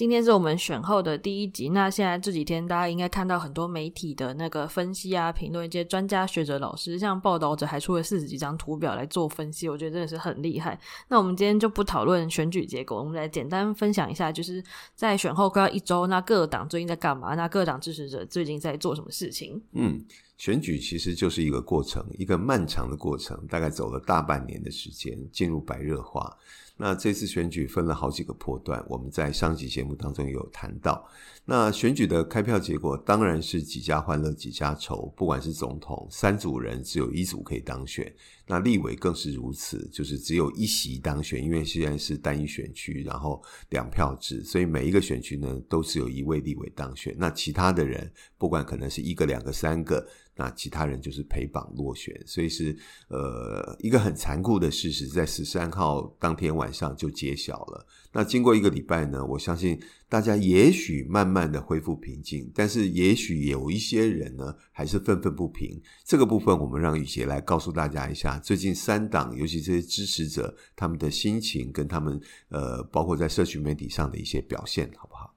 今天是我們選後的第一集。那現在這幾天，大家應該看到很多媒體的那個分析啊、評論，一些專家學者、老師，像報道者，還出了四十幾張圖表來做分析。我覺得真的是很厲害。那我們今天就不討論選舉結果，我們來簡單分享一下，就是在選後快要一週，那各黨最近在幹嘛？那各黨支持者最近在做什麼事情？嗯，選舉其實就是一個過程，一個漫長的過程，大概走了大半年的時間，進入白熱化。那這次選舉分了好幾個波段，我們在上集節目當中有談到。那選舉的開票結果當然是幾家歡樂幾家愁，不管是總統三組人只有一組可以當選，那立委更是如此，就是只有一席當選。因為現在是單一選區，然後兩票制，所以每一個選區呢都只有一位立委當選。那其他的人不管可能是一個、兩個、三個。那其他人就是陪綁落選，所以是呃一個很殘酷的事實，在十三號當天晚上就揭曉了。那經過一個禮拜呢，我相信大家也許慢慢的恢復平靜，但是也許有一些人呢還是憤憤不平。這個部分我們讓雨杰來告訴大家一下，最近三黨，尤其這些支持者，他們的心情跟他們呃包括在社群媒體上的一些表現，好不好？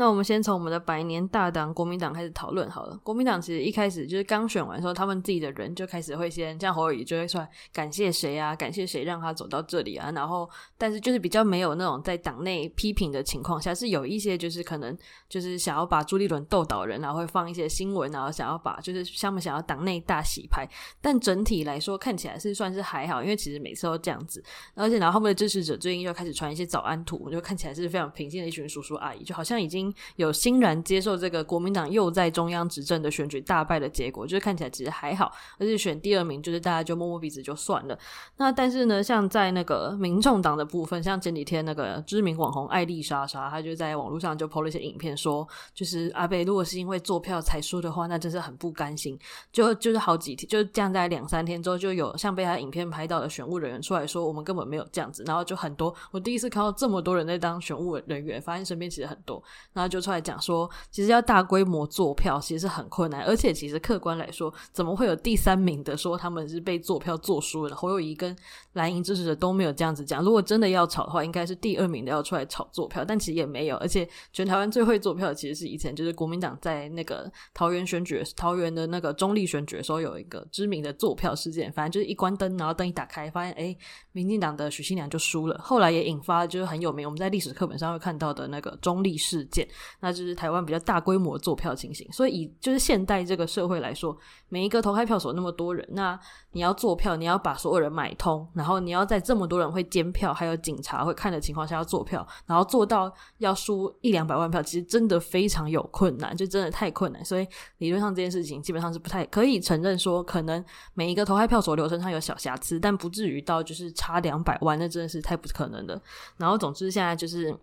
那我們先從我們的百年大黨國民黨開始討論好了。國民黨其實一開始就是剛選完的時候，他們自己的人就開始會先像侯友宜就會出來感謝誰啊，感謝誰讓他走到這裡啊。然後，但是就是比較沒有那種在黨內批評的情況下，是有一些就是可能就是想要把朱立倫鬥倒人然後會放一些新聞然後想要把就是他們想要黨內大洗牌。但整體來說看起來是算是還好，因為其實每次都這樣子。而且然後他們的支持者最近又開始傳一些早安圖，就看起來是非常平靜的一群叔叔阿姨，就好像已經。有欣然接受這個國民黨又在中央執政的選舉大敗的結果，就是看起來其實還好，而且選第二名就是大家就摸摸鼻子就算了。那但是呢，像在那個民眾黨的部分，像前幾天那個知名網紅艾莉莎莎，她就在網絡上就 PO 了一些影片說，說就是阿伯如果是因為做票才輸的話，那真是很不甘心。就就是好幾天，就這樣在兩三天之後，就有像被他影片拍到的選務人員出來說，我們根本沒有這樣子。然後就很多，我第一次看到這麼多人在當選務人員，發現身邊其實很多。然後就出來講說，其實要大規模作票，其實是很困難。而且其實客觀來說，怎麼會有第三名的說他們是被作票作輸了？侯友宜跟藍營支持者都沒有這樣子講。如果真的要炒的話，應該是第二名的要出來炒作票，但其實也沒有。而且全台灣最會作票，其實是以前就是國民黨在那個桃園選舉、桃園的那個中壢選舉的時候有一個知名的作票事件。反正就是一關燈，然後燈一打開，發現哎、欸，民進黨的許信良就輸了。後來也引發就是很有名，我們在歷史課本上會看到的那個中壢事件。那就是台灣比較大規模做票情形。所以以就是現代這個社會來說，每一個投開票所那麼多人，那你要做票，你要把所有人買通，然後你要在這麼多人會監票，還有警察會看的情況下要做票，然後做到要輸一兩百萬票，其實真的非常有困難，就真的太困難。所以理論上這件事情基本上是不太可以承認說，可能每一個投開票所流程上有小瑕疵，但不至於到就是差兩百萬，那真的是太不可能的。然後總之現在就是。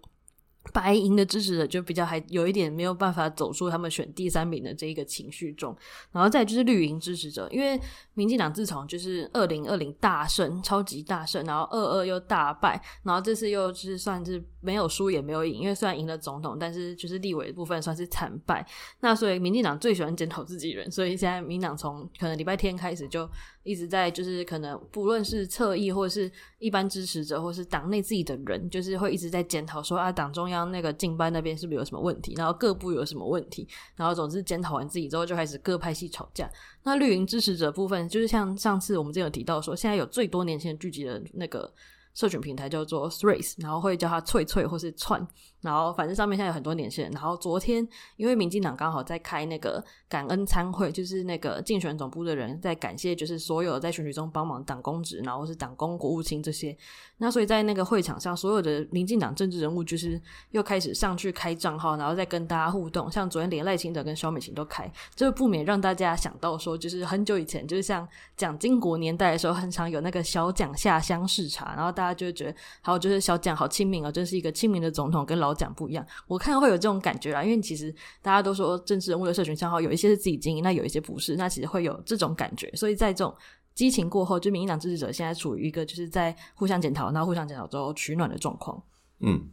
白銀的支持者就比較還有一點沒有辦法走出他們選第三名的這一個情緒中，然後再就是綠營支持者，因為民進黨自從就是二零二零大勝，超級大勝，然後二二又大敗，然後這次又是算是沒有輸也沒有贏，因為雖然贏了總統，但是就是立委的部分算是慘敗，那所以民進黨最喜歡檢討自己人，所以現在民進黨從可能禮拜天開始就，一直在就是可能不論是側翼或者是一般支持者，或是黨內自己的人，就是會一直在檢討說啊，黨中央那個競班那邊是不是有什麼問題，然後各部有什麼問題，然後總之檢討完自己之後，就開始各派系吵架。那綠營支持者部分，就是像上次我們也有提到說，現在有最多年輕人聚集的那個社群平台叫做 Threads，然後會叫它脆脆或是串。然後反正上面現在有很多年輕人，然後昨天因為民進黨剛好在開那個感恩餐會，就是那個競選總部的人在感謝，就是所有在選舉中幫忙黨公職，然後是黨工國務卿這些。那所以在那個會場上，所有的民進黨政治人物就是又開始上去開賬號，然後再跟大家互動。像昨天連賴清德跟蕭美琴都開，這不免讓大家想到說，就是很久以前，就是像蔣經國年代的時候，很常有那個小蔣下鄉視察，然後大家就會覺得，還有就是小蔣好親民哦，就是一個親民的總統跟老。講不一樣，我看會有這種感覺啦，因為其實大家都說政治人物的社群賬號有一些是自己經營，那有一些不是，那其實會有這種感覺。所以在這種激情過後，就是、民進黨支持者現在處於一個就是在互相檢討，然後互相檢討之後取暖的狀況。嗯，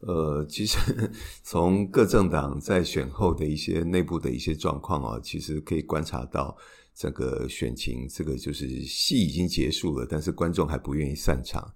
呃，其實從各政黨在選後的一些內部的一些狀況啊，其實可以觀察到這個選情，這個就是戲已經結束了，但是觀眾還不願意散場。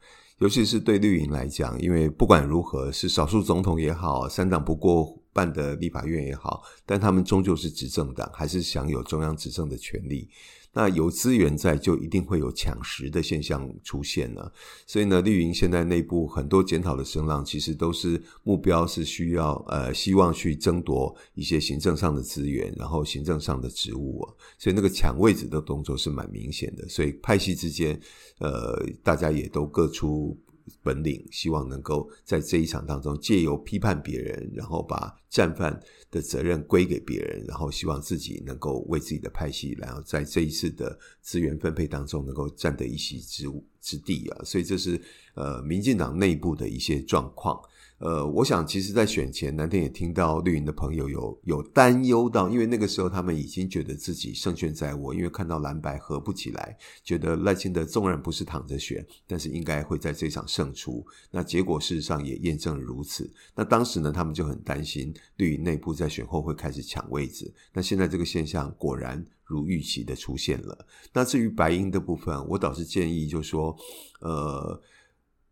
尤其是對綠營來講，因為不管如何，是少數總統也好，三黨不過半的立法院也好，但他們終究是執政黨，還是享有中央執政的權利。那有資源在，就一定會有搶食的現象出現呢、啊。所以呢，綠營現在內部很多檢討的聲浪，其實都是目標是需要呃，希望去爭奪一些行政上的資源，然後行政上的職務、啊。所以那個搶位置的動作是蠻明顯的。所以派系之間，呃，大家也都各出。本領，希望能夠在這一場當中借由批判別人，然後把戰犯的責任歸給別人，然後希望自己能夠為自己的派系，然後在這一次的資源分配當中能夠佔得一席之之地啊。所以這是呃，民進黨內部的一些狀況。呃，我想其實，在選前，藍天也聽到綠營的朋友有有擔憂到，因為那個時候他們已經覺得自己勝券在握，因為看到藍白合不起來，覺得賴清德縱然不是躺着選，但是應該會在這場勝出。那結果事實上也驗證了如此。那當時呢，他們就很擔心綠營內部在選後會開始搶位置。那現在這個現象果然如預期的出現了。那至於白營的部分，我倒是建議，就說，呃，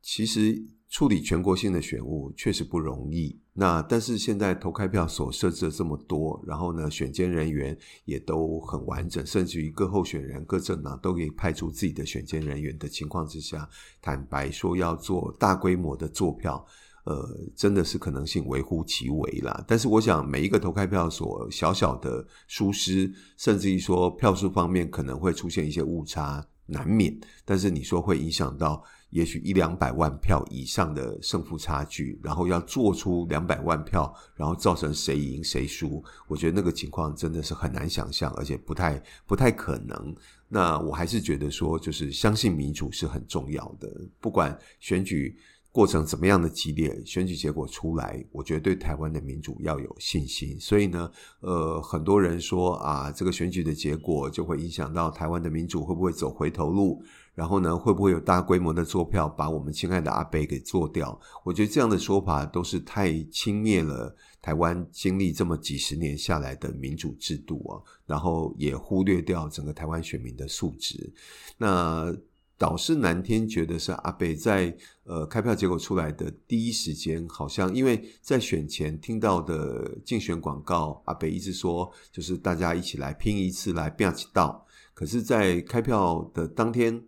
其實。處理全國性的選務確實不容易。那但是現在投開票所設置了這麼多，然後呢，選監人員也都很完整，甚至於各候選人、各政黨都可以派出自己的選監人員的情況之下，坦白說要做大規模的作票，呃，真的是可能性微乎其微啦。但是我想每一個投開票所小小的疏失，甚至於說票數方面可能會出現一些誤差，難免。但是你說會影響到也許一兩百萬票以上的勝負差距，然後要做出兩百萬票，然後造成誰贏誰輸，我覺得那個情況真的是很難想象，而且不太不太可能。那我還是覺得說，就是相信民主是很重要的，不管選舉。過程怎麼樣的激烈，選舉結果出來，我覺得對台灣的民主要有信心。所以呢，呃，很多人說啊，這個選舉的結果就會影響到台灣的民主會不會走回頭路？然後呢，會不會有大規模的做票把我們親愛的阿北給做掉？我覺得這樣的說法都是太輕蔑了台灣經歷這麼幾十年下來的民主制度啊，然後也忽略掉整個台灣選民的素質。那。倒是南天覺得是阿北在呃開票結果出來的第一時間，好像因為在選前聽到的競選廣告，阿北一直說就是大家一起來拼一次來變起到，可是，在開票的當天，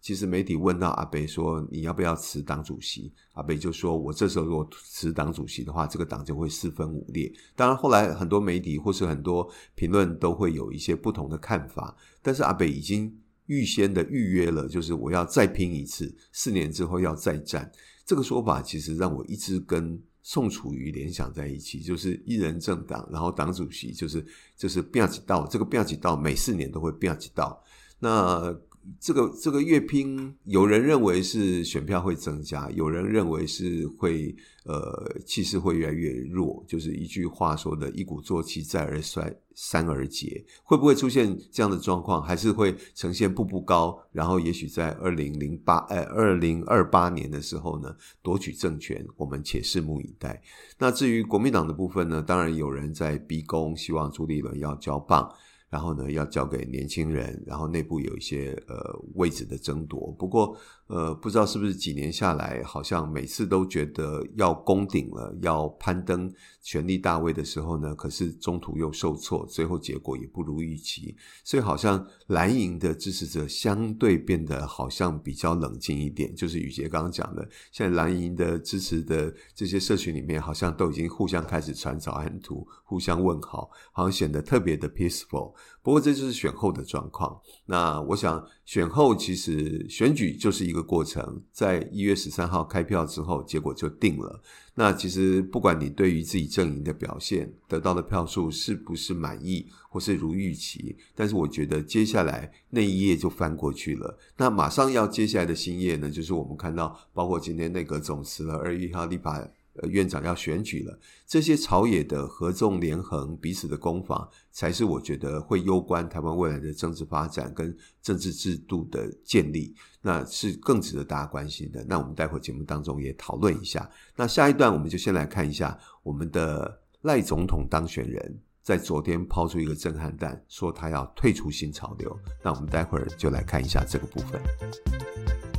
其實媒體問到阿北說，你要不要辭黨主席，阿北就說，我這時候如果辭黨主席的話，這個黨就會四分五裂。當然後來很多媒體或是很多評論都會有一些不同的看法，但是阿北已經。預先的預約了，就是我要再拼一次，四年之後要再戰。這個說法其實讓我一直跟宋楚瑜聯想在一起，就是一人政黨，然後黨主席就是就是變幾道，這個變幾道每四年都會變幾道。那。這個這個越拼，有人認為是選票會增加，有人認為是會呃氣勢會越來越弱。就是一句話說的：一鼓作氣，再而衰，三而竭。會不會出現這樣的狀況？還是會呈現步步高？然後也許在二零零八哎二零二八年的時候呢，奪取政權？我們且拭目以待。那至於國民黨的部分呢？當然有人在逼宮，希望朱立倫要交棒。然後呢，要交給年輕人，然後內部有一些呃位置的爭奪，不過。呃，不知道是不是幾年下來，好像每次都覺得要攻頂了，要攀登權力大位的時候呢，可是中途又受挫，最後結果也不如預期，所以好像藍營的支持者相對變得好像比較冷靜一點。就是宇杰剛剛講的，現在藍營的支持的這些社群裡面，好像都已經互相開始傳早安圖，互相問好，好像顯得特別的 peaceful。不過這就是選後的狀況。那我想，選後其實選舉就是一個過程，在一月十三號開票之後，結果就定了。那其實不管你對於自己陣營的表現得到的票數是不是滿意，或是如預期，但是我覺得接下來那一頁就翻過去了。那馬上要接下來的新頁呢，就是我們看到包括今天內閣總辭了21號，立法院長要選舉了，這些朝野的合縱連橫、彼此的攻防，才是我覺得會攸關台灣未來的政治發展跟政治制度的建立，那是更值得大家關心的。那我們待會節目當中也討論一下。那下一段我們就先來看一下我們的賴總統當選人在昨天拋出一個震撼彈，說他要退出新潮流。那我們待會兒就來看一下這個部分。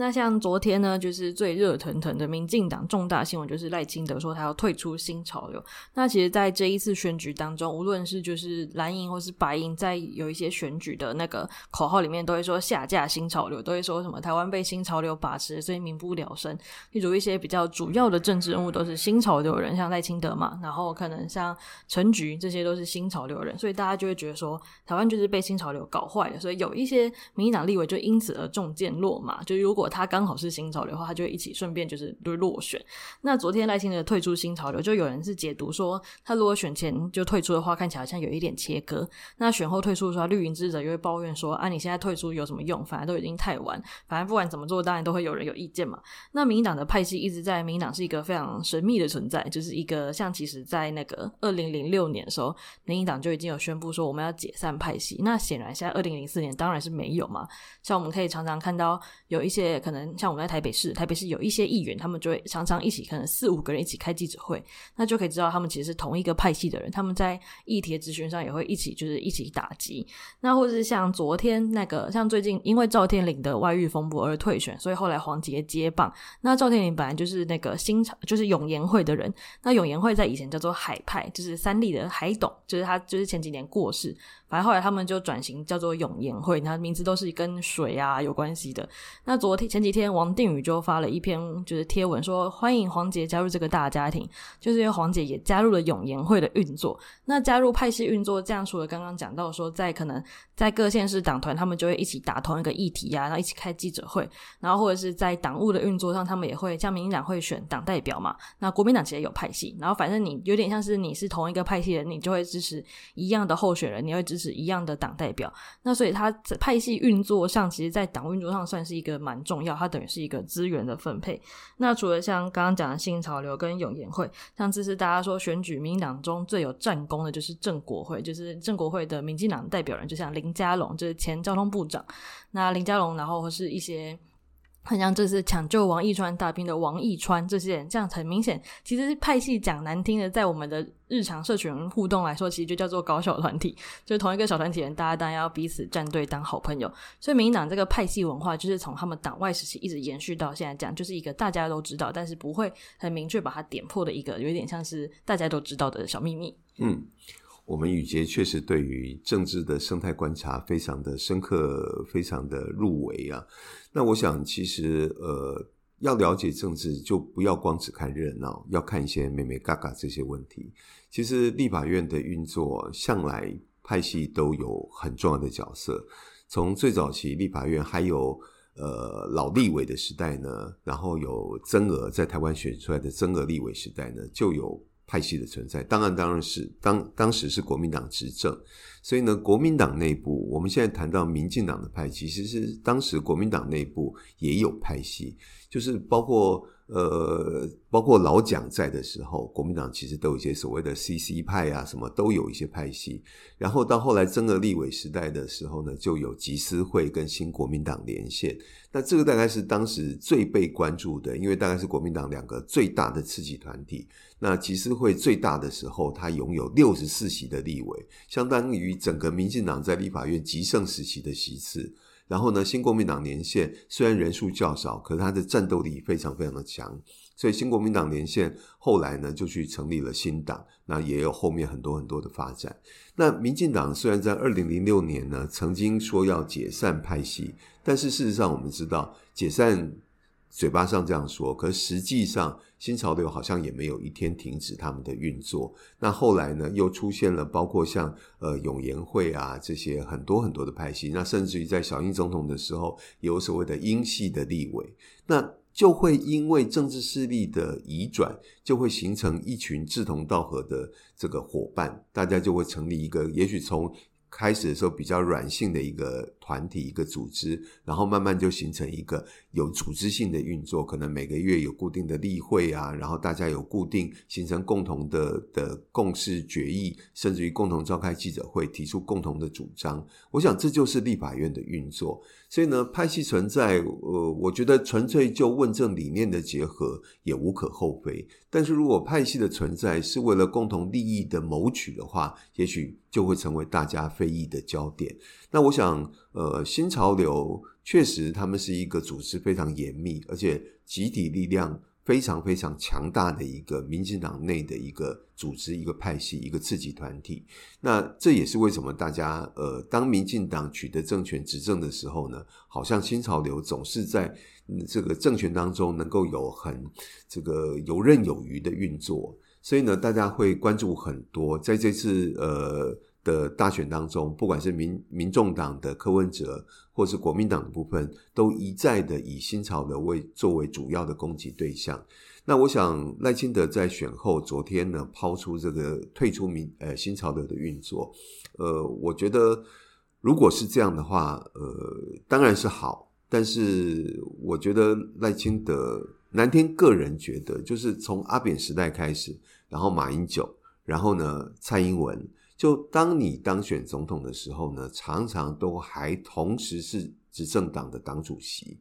那像昨天呢，就是最熱騰騰的民進黨重大新聞，就是賴清德說他要退出新潮流。那其實在這一次選舉當中，無論是就是藍營或是白營，在有一些選舉的那個口號裡面，都會說下架新潮流，都會說什麼台灣被新潮流把持，所以民不聊生。例如一些比較主要的政治人物都是新潮流人，像賴清德嘛，然後可能像陳菊，這些都是新潮流人，所以大家就會覺得說台灣就是被新潮流搞壞的。所以有一些民進黨立委就因此而中箭落馬，就如果。他剛好是新潮流的話，他就會一起順便就是落選。那昨天賴清德退出新潮流，就有人是解讀說，他如果選前就退出的話，看起來好像有一點切割。那選後退出的話，綠營支持者又會抱怨說：“啊，你現在退出有什麼用？反而都已經太晚。反而不管怎麼做，當然都會有人有意見嘛。”那民進黨的派系一直在，民進黨是一個非常神秘的存在，就是一個像其實，在那個二零零六年的時候，民進黨就已經有宣布說我們要解散派系。那顯然現在二零零四年當然是沒有嘛。像我們可以常常看到有一些。可能像我們在台北市，台北市有一些議員，他們就會常常一起，可能四五個人一起開記者會，那就可以知道他們其實是同一個派系的人。他們在議題的質詢上也會一起，就是一起打擊。那或者像昨天那個，像最近因為趙天麟的外遇風波而退選，所以後來黃捷接棒。那趙天麟本來就是那個新潮，就是湧言會的人。那湧言會在以前叫做海派，就是三立的海董，就是他就是前幾年過世，反正後來他們就轉型叫做湧言會，那名字都是跟水啊有關係的。那昨。前幾天王定宇就發了一篇就是貼文說，說歡迎黃杰加入這個大家庭，就是因為黃杰也加入了永延會的運作。那加入派系運作，這樣除了剛剛講到說，在可能在各縣市黨團，他們就會一起打同一個議題呀，啊，然後一起開記者會，然後或者是在黨務的運作上，他們也會像民進黨會選黨代表嘛。那國民黨其實有派系，然後反正你有點像是你是同一個派系人，你就會支持一樣的候選人，你會支持一樣的黨代表。那所以他派系運作上，其實，在黨運作上算是一個蠻重要，它等於是一個資源的分配。那除了像剛剛講的新潮流跟湧言會，像這次大家說選舉民進黨中最有戰功的，就是正國會，就是正國會的民進黨代表人，就像林佳龍，就是前交通部長。那林佳龍，然後或是一些。很像這次搶救王義川大兵的王義川這些人。這樣很明顯，其實派系講難聽的，在我們的日常社群互動來說，其實就叫做搞小團體，就是同一個小團體人，大家當然要彼此站隊當好朋友。所以民進黨這個派系文化，就是從他們黨外時期一直延續到現在講，講就是一個大家都知道，但是不會很明確把它點破的一個，有點像是大家都知道的小秘密。嗯。我們宇傑確實對於政治的生態觀察非常的深刻，非常的入微啊。那我想，其實呃，要了解政治，就不要光只看熱鬧，要看一些眉眉角角這些問題。其實立法院的運作，向來派系都有很重要的角色。從最早期立法院，還有呃老立委的時代呢，然後有增額，在台灣選出來的增額立委時代呢，就有。派系的存在，當然當然是當當時是國民黨執政，所以呢，國民黨內部我們現在談到民進黨的派系，其實是當時國民黨內部也有派系，就是包括呃包括老蔣在的時候，國民黨其實都有一些所謂的 CC 派啊，什麼都有一些派系。然後到後來增額立委時代的時候呢，就有集思會跟新國民黨連線，那這個大概是當時最被關注的，因為大概是國民黨兩個最大的次級團體。那集思會最大的時候，他擁有六十四席的立委，相當於整個民進黨在立法院極盛時期的席次。然後呢，新國民黨連線雖然人數較少，可是他的戰鬥力非常非常的強。所以新國民黨連線後來呢，就去成立了新黨。那也有後面很多很多的發展。那民進黨雖然在二零零六年呢，曾經說要解散派系，但是事實上我們知道解散。嘴巴上這樣說，可實際上新潮流好像也沒有一天停止他們的運作。那後來呢，又出現了包括像呃湧言會啊這些很多很多的派系。那甚至於在小英總統的時候，也有所謂的英系的立委，那就會因為政治勢力的移轉，就會形成一群志同道合的這個伙伴，大家就會成立一個，也許從開始的時候比較軟性的一個。團體一個組織，然後慢慢就形成一個有組織性的運作，可能每個月有固定的例會啊，然後大家有固定形成共同的的共識決議，甚至於共同召開記者會，提出共同的主張。我想這就是立法院的運作。所以呢，派系存在，呃，我覺得純粹就問政理念的結合也無可厚非。但是如果派系的存在是為了共同利益的謀取的話，也許就會成為大家非議的焦點。那我想。呃，新潮流確實，他們是一個組織非常嚴密，而且集體力量非常非常強大的一個民進黨內的一個組織、一個派系、一個次級團體。那這也是為什麼大家呃，當民進黨取得政權執政的時候呢，好像新潮流總是在這個政權當中能夠有很這個游刃有餘的運作，所以呢，大家會關注很多在這次呃。的大選當中，不管是民民眾黨的柯文哲，或是國民黨的部分，都一再的以新潮流為作為主要的攻擊對象。那我想賴清德在選後昨天呢，拋出這個退出民呃新潮流的運作。呃，我覺得如果是這樣的話，呃，當然是好。但是我覺得賴清德南天個人覺得，就是從阿扁時代開始，然後馬英九，然後呢蔡英文。就當你當選總統的時候呢，常常都還同時是執政黨的黨主席。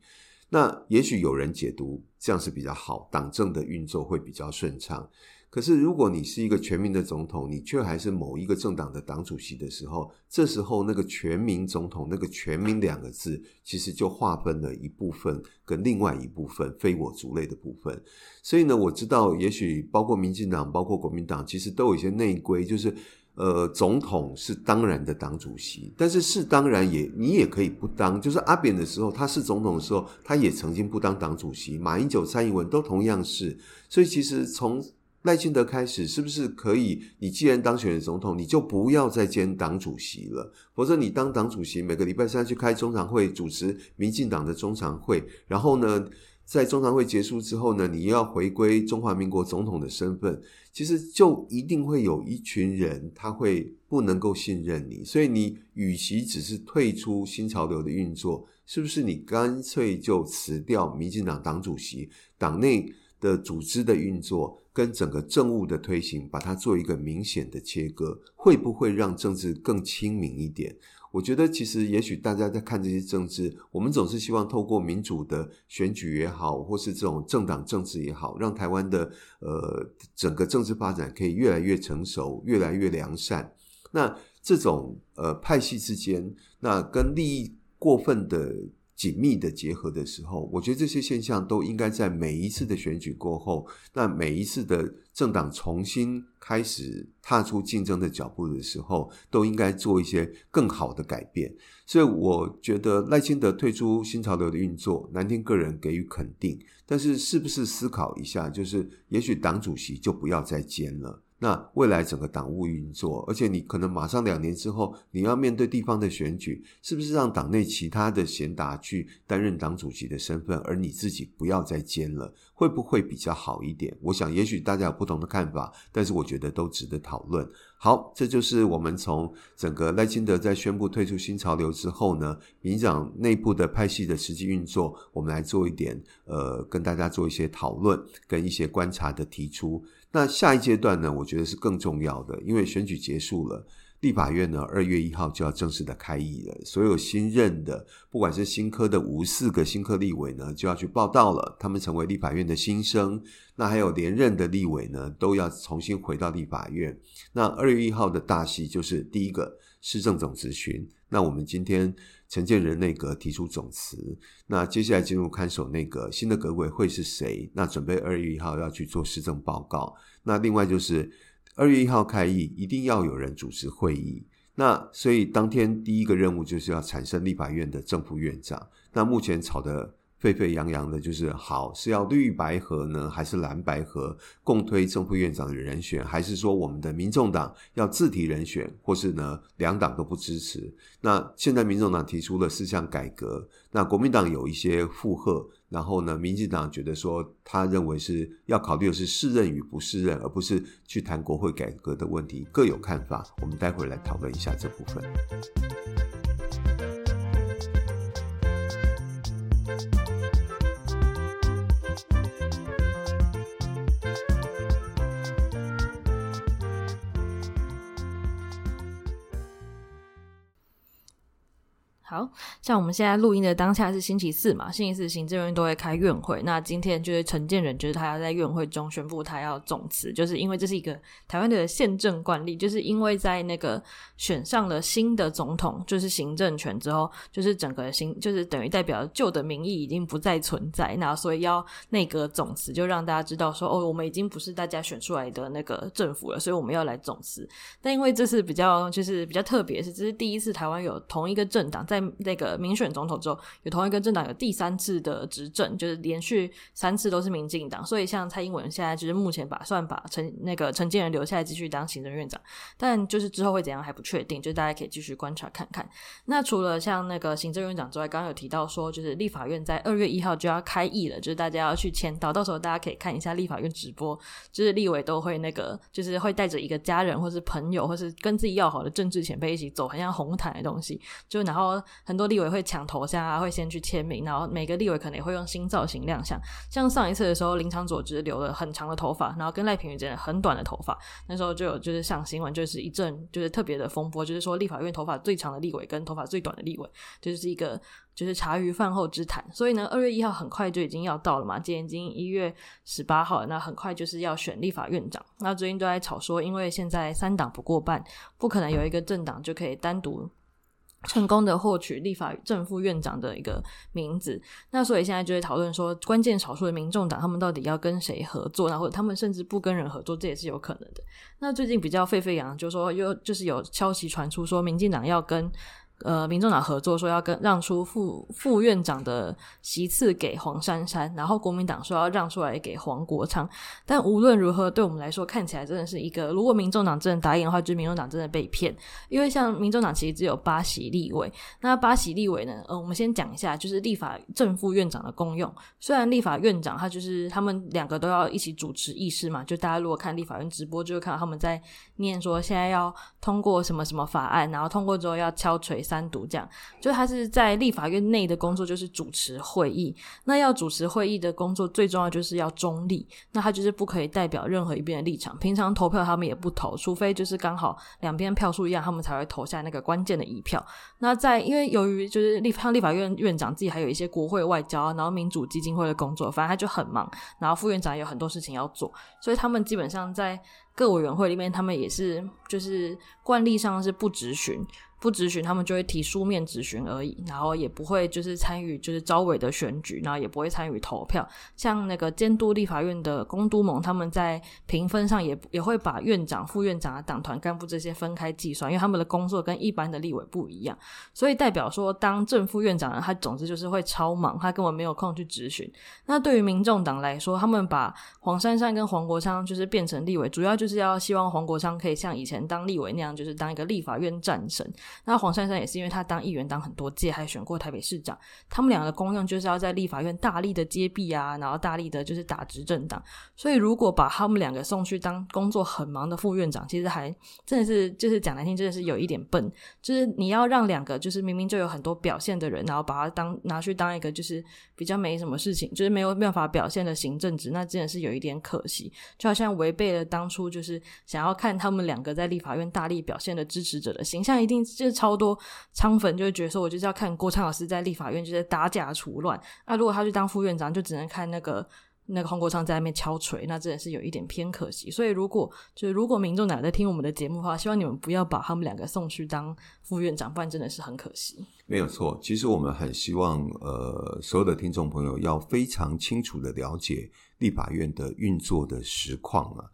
那也許有人解讀這樣是比較好，黨政的運作會比較順暢。可是如果你是一個全民的總統，你卻還是某一個政黨的黨主席的時候，這時候那個全民總統那個全民兩個字，其實就劃分了一部分跟另外一部分非我族類的部分。所以呢，我知道也許包括民進黨、包括國民黨，其實都有一些內規，就是。呃，總統是當然的黨主席，但是是當然也你也可以不當。就是阿扁的時候，他是總統的時候，他也曾經不當黨主席。馬英九、蔡英文都同樣是，所以其實從賴清德開始，是不是可以？你既然當選總統，你就不要再兼黨主席了，否則你當黨主席，每個禮拜三去開中常會，主持民進黨的中常會，然後呢？在中常會結束之後呢，你又要回歸中華民國總統的身份，其實就一定會有一群人，他會不能夠信任你，所以你與其只是退出新潮流的運作，是不是你乾脆就辭掉民進黨黨主席，黨內的組織的運作跟整個政務的推行，把它做一個明顯的切割，會不會讓政治更清明一點？我覺得其實也許大家在看這些政治，我們總是希望透過民主的選舉也好，或是這種政黨政治也好，讓台灣的呃整個政治發展可以越來越成熟、越來越良善。那這種呃派系之間，那跟利益過分的。緊密的結合的時候，我覺得這些現象都應該在每一次的選舉過後，那每一次的政黨重新開始踏出競爭的腳步的時候，都應該做一些更好的改變。所以，我覺得賴清德退出新潮流的運作，南丁個人給予肯定，但是是不是思考一下，就是也許黨主席就不要再兼了。那未來整個黨務運作，而且你可能馬上兩年之後，你要面對地方的選舉，是不是讓黨內其他的賢達去擔任黨主席的身份，而你自己不要再兼了，會不會比較好一點？我想，也許大家有不同的看法，但是我覺得都值得討論。好，這就是我們從整個賴清德在宣布退出新潮流之後呢，民進黨內部的派系的實際運作，我們來做一點呃，跟大家做一些討論跟一些觀察的提出。那下一階段呢，我覺得是更重要的，因為選舉結束了，立法院呢，二月一號就要正式的開議了。所有新任的，不管是新科的五四個新科立委呢，就要去報到了，他們成為立法院的新生。那還有連任的立委呢，都要重新回到立法院。那二月一號的大戲就是第一個施政總質詢。那我們今天陳建仁內閣提出總辭，那接下來進入看守內閣，新的閣揆會是誰？那準備二月一號要去做施政報告。那另外就是二月一號開議，一定要有人主持會議。那所以當天第一個任務就是要產生立法院的正副院長。那目前吵的沸沸揚揚的，就是好是要綠白合呢，還是藍白合共推正副院長的人選，還是說我們的民眾黨要自提人選，或是呢兩黨都不支持？那現在民眾黨提出了四項改革，那國民黨有一些附和，然後呢，民進黨覺得說他認為是要考慮的是適任與不適任，而不是去談國會改革的問題，各有看法。我們待會來討論一下這部分。像我們現在錄音的當下是星期四嘛。星期四行政院都會開院會。那今天就是陳建仁，就是他要在院會中宣布他要總辭，就是因為這是一個台灣的憲政慣例，就是因為在那個選上了新的總統，就是行政權之後，就是整個行就是等於代表舊的民意已經不再存在，那所以要內閣總辭，就讓大家知道說哦，我們已經不是大家選出來的那個政府了，所以我們要來總辭。但因為這是比較就是比較特別，是這是第一次台灣有同一個政黨在那個。民選總統之後，有同一個政黨有第三次的執政，就是連續三次都是民進黨。所以像蔡英文現在就是目前打算把陳那個陳建仁留下來繼續當行政院長，但就是之後會怎樣還不確定，就是大家可以繼續觀察看看。那除了像那個行政院長之外，剛剛有提到說，就是立法院在二月一號就要開議了，就是大家要去簽到，到時候大家可以看一下立法院直播，就是立委都會那個就是會帶着一個家人或是朋友或是跟自己要好的政治前輩一起走，很像紅毯的東西。就然後很多立委。會搶頭像，啊，會先去簽名，然後每個立委可能也會用新造型亮相。像上一次的時候，林昶佐只留了很長的頭髮，然後跟賴品妤剪很短的頭髮，那時候就有就是上新聞，就是一陣就是特別的風波，就是說立法院頭髮最長的立委跟頭髮最短的立委，就是一個就是茶餘飯後之談。所以呢，二月一號很快就已經要到了嘛，今天已經一月十八號了，那很快就是要選立法院長。那最近都在吵說，因為現在三黨不過半，不可能有一個政黨就可以單獨。成功的獲取立法正副院長的一個名字，那所以現在就會討論說，關鍵少數的民眾黨他們到底要跟誰合作，然後他們甚至不跟人合作，這也是有可能的。那最近比較沸沸揚揚，就是說又就是有消息傳出，說民進黨要跟。呃，民眾黨合作說要跟讓出副副院長的席次給黃珊珊，然後國民黨說要讓出來給黃國昌。但無論如何，對我們來說，看起來真的是一個，如果民眾黨真的答應的話，就是、民眾黨真的被騙。因為像民眾黨其實只有八席立委，那八席立委呢？呃，我們先講一下，就是立法正副院長的功用。雖然立法院長他就是他們兩個都要一起主持議事嘛，就大家如果看立法院直播，就會看到他們在念說現在要通過什麼什麼法案，然後通過之後要敲錘。三讀這樣，就他是在立法院內的工作，就是主持會議。那要主持會議的工作，最重要就是要中立。那他就是不可以代表任何一邊的立場。平常投票，他們也不投，除非就是剛好兩邊票數一樣，他們才會投下那個關鍵的一票。那在因為由於就是立像立法院院長自己還有一些國會外交、啊，然後民主基金會的工作，反正他就很忙。然後副院長也有很多事情要做，所以他們基本上在各委員會裡面，他們也是就是慣例上是不質詢。不質詢，他們就會提書面質詢而已，然後也不會就是參與就是召委的選舉，然後也不會參與投票。像那個監督立法院的公督盟，他們在評分上也也會把院長、副院長、黨團幹部這些分開計算，因為他們的工作跟一般的立委不一樣。所以代表說，當正副院長，他總之就是會超忙，他根本沒有空去質詢。那對於民眾黨來說，他們把黃珊珊跟黃國昌就是變成立委，主要就是要希望黃國昌可以像以前當立委那樣，就是當一個立法院戰神。那黃珊珊也是因為她當議員當很多屆，還選過台北市長。他們兩個的功用就是要在立法院大力的揭弊啊，然後大力的就是打執政黨。所以如果把他們兩個送去當工作很忙的副院長，其實還真的是就是講難聽，真的是有一點笨。就是你要讓兩個就是明明就有很多表現的人，然後把他當拿去當一個就是比較沒什麼事情，就是沒有辦法表現的行政職，那真的是有一點可惜。就好像違背了當初就是想要看他們兩個在立法院大力表現的支持者的形象一定。就是超多昌粉就會覺得說，我就是要看國昌老師在立法院就是打假除亂。那如果他去當副院長，就只能看那個那個黃國昌在外面敲錘，那真的是有一點偏可惜。所以如果就是如果民眾黨在聽我們的節目的話，希望你們不要把他們兩個送去當副院長，不然真的是很可惜。沒有錯，其實我們很希望呃所有的聽眾朋友要非常清楚地了解立法院的運作的實況啊。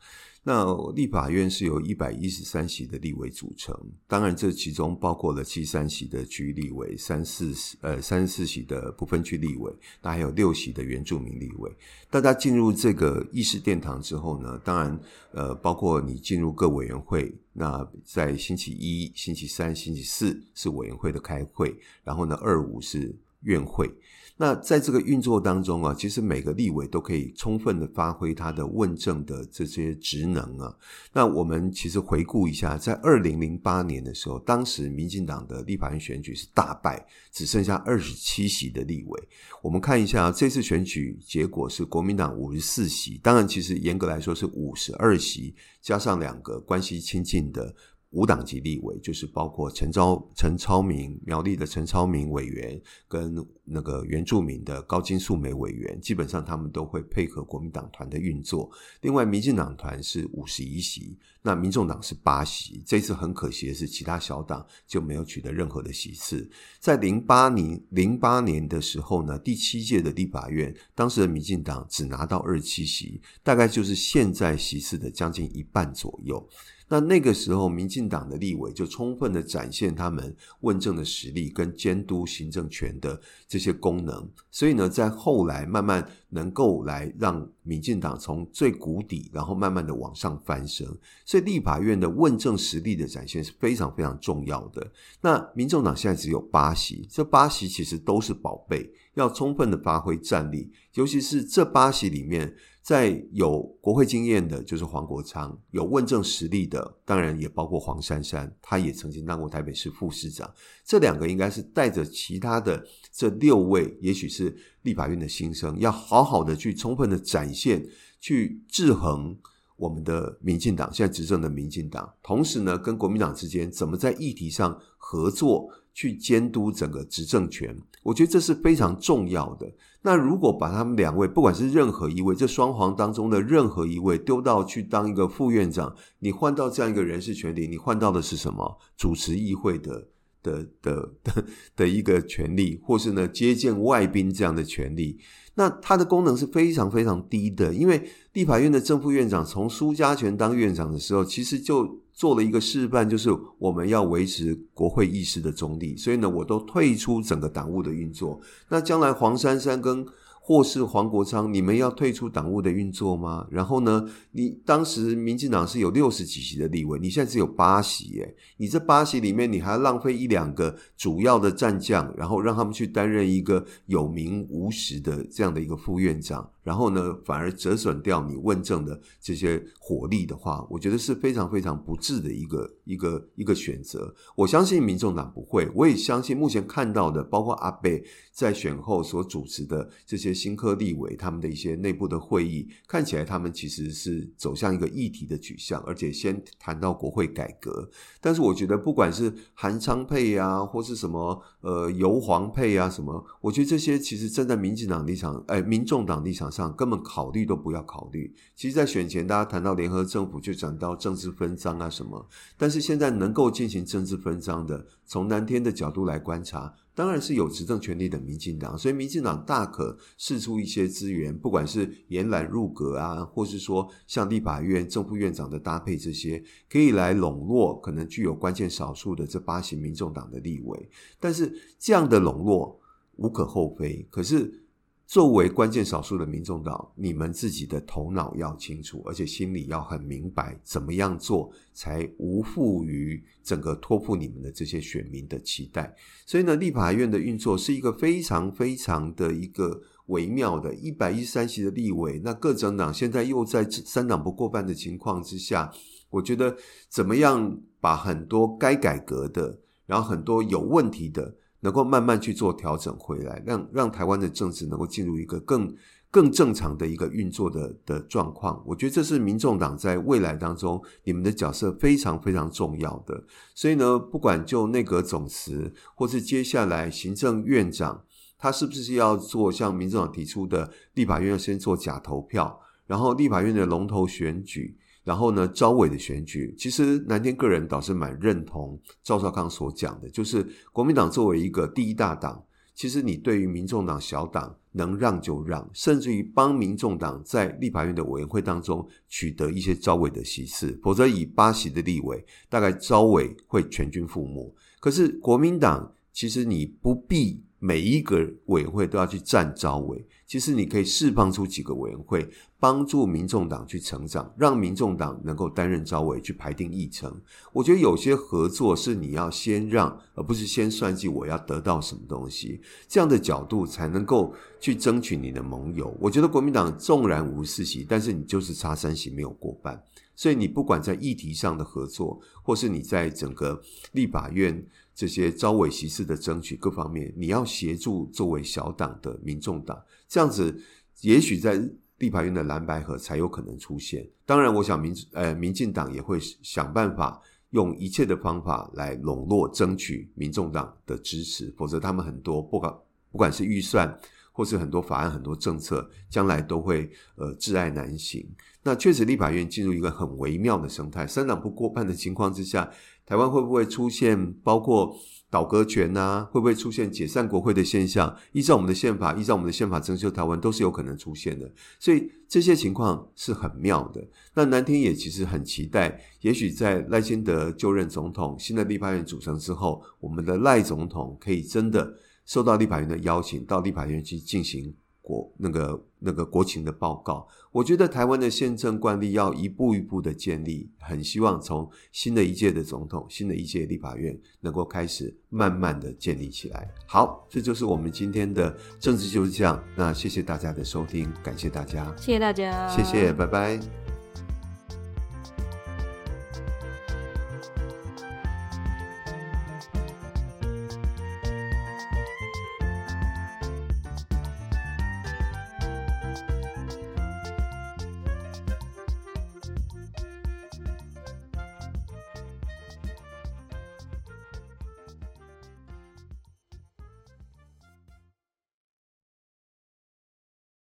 那立法院是由一百一十三席的立委組成，當然這其中包括了七三席的區立委，三四呃三四席的不分區立委，那還有六席的原住民立委。大家進入這個議事殿堂之後呢，當然呃包括你進入各委員會。那在星期一、星期三、星期四是委員會的開會，然後呢二五是。院會，那在這個運作當中啊，其實每個立委都可以充分的發揮他的問政的這些職能啊。那我們其實回顧一下，在二零零八年的時候，當時民進黨的立法院選舉是大敗，只剩下二十七席的立委。我們看一下啊，這次選舉結果是國民黨五十四席，當然其實嚴格來說是五十二席，加上兩個關係親近的。無黨籍立委就是包括陳超、陳超明、苗栗的陳超明委員跟那個原住民的高金素梅委員，基本上他們都會配合國民黨團的運作。另外，民進黨團是五十一席，那民眾黨是八席。這次很可惜的是，其他小黨就沒有取得任何的席次。在零八年零八年的時候呢，第七屆的立法院，當時的民進黨只拿到二十七席，大概就是現在席次的將近一半左右。那那個時候，民進黨的立委就充分地展現他們問政的實力跟監督行政權的。這些功能，所以呢，在後來慢慢能夠來讓民進黨從最谷底，然後慢慢的往上翻身。所以，立法院的問政實力的展現是非常非常重要的。那民眾黨現在只有八席，這八席其實都是寶貝，要充分的發揮戰力，尤其是這八席裡面。在有國會經驗的，就是黃國昌；有問政實力的，當然也包括黃珊珊，她也曾經當過台北市副市長，這兩個應該是帶着其他的這六位，也許是立法院的新生，要好好的去充分的展現，去制衡我們的民進黨，現在執政的民進黨，同時呢，跟國民黨之間怎麼在議題上合作，去監督整個執政權，我覺得這是非常重要的。那如果把他們兩位，不管是任何一位，這雙黃當中的任何一位，丟到去當一個副院長，你換到這樣一個人事權力，你換到的是什麼？主持議會的的的的的一個權力，或是呢，接見外賓這樣的權力。那它的功能是非常非常低的，因為立法院的正副院長從蘇嘉全當院長的時候，其實就。做了一個示範，就是我們要維持國會議事的中立，所以呢，我都退出整個黨務的運作。那將來黃珊珊跟或是黃國昌，你們要退出黨務的運作嗎？然後呢，你當時民進黨是有六十幾席的立委，你現在只有八席耶。你這八席裡面，你還要浪費一兩個主要的戰將，然後讓他們去擔任一個有名無實的這樣的一個副院長。然後呢，反而折損掉你問政的這些火力的話，我覺得是非常非常不智的一個一個一個選擇。我相信民眾黨不會，我也相信目前看到的，包括阿北在選後所主持的這些新科立委他們的一些內部的會議，看起來他們其實是走向一個議題的取向，而且先談到國會改革。但是我覺得，不管是韓昌配啊，或是什麼呃游黃配啊什麼，我覺得這些其實站在民進黨立場，哎、呃，民眾黨立場。上根本考慮都不要考慮。其實，在選前，大家談到聯合政府，就講到政治分贓啊什麼。但是，現在能夠進行政治分贓的，從藍天的角度來觀察，當然是有執政權力的民進黨。所以，民進黨大可釋出一些資源，不管是延攬入閣啊，或是說像立法院正副院長的搭配，這些可以來籠絡可能具有關鍵少數的這八席民眾黨的立委。但是，這樣的籠絡無可厚非。可是。作為關鍵少數的民眾黨，你們自己的頭腦要清楚，而且心裡要很明白，怎麼樣做才無負於整個托付你們的這些選民的期待。所以呢，立法院的運作是一個非常非常的一個微妙的，一百一十三席的立委，那各政黨現在又在三黨不過半的情況之下，我覺得怎麼樣把很多該改革的，然後很多有問題的，能夠慢慢去做調整回來，讓讓台灣的政治能夠進入一個更更正常的一個運作的的狀況。我覺得這是民眾黨在未來當中，你們的角色非常非常重要的。所以呢，不管就內閣總辭，或是接下來行政院長，他是不是要做像民眾黨提出的立法院要先做假投票，然後立法院的龍頭選舉。然後呢，召委的選舉，其實南天個人倒是蠻認同趙少康所講的，就是國民黨作為一個第一大黨，其實你對於民眾黨小黨能讓就讓，甚至於幫民眾黨在立法院的委員會當中取得一些召委的席次，否則以八席的立委，大概召委會全軍覆沒。可是國民黨其實你不必每一個委員會都要去佔召委。其實你可以釋放出幾個委員會，幫助民眾黨去成長，讓民眾黨能夠擔任召委去排定議程。我覺得有些合作是你要先讓，而不是先算計我要得到什麼東西。這樣的角度才能夠去爭取你的盟友。我覺得國民黨縱然五十四席，但是你就是差三席沒有過半，所以你不管在議題上的合作，或是你在整個立法院這些召委席次的爭取各方面，你要協助作為小黨的民眾黨，這樣子，也許在立法院的藍白合才有可能出現。當然，我想民呃民進黨也會想辦法用一切的方法來籠絡、爭取民眾黨的支持，否則他們很多不管不管是預算或是很多法案、很多政策，將來都會呃窒礙難行。那確實，立法院進入一個很微妙的生態，三黨不過半的情況之下，台灣會不會出現包括倒閣權啊，會不會出現解散國會的現象？依照我們的憲法，依照我們的憲法，增修條文都是有可能出現的。所以這些情況是很妙的。那南天也其實很期待，也許在賴清德就任總統、新的立法院組成之後，我們的賴總統可以真的受到立法院的邀請，到立法院去進行。國那個那個國情的報告，我覺得台灣的憲政慣例要一步一步的建立，很希望從新的一屆的總統、新的一屆立法院能夠開始慢慢的建立起來。好，這就是我們今天的政治就是這樣。那謝謝大家的收聽，感謝大家，謝謝大家，謝謝，拜拜。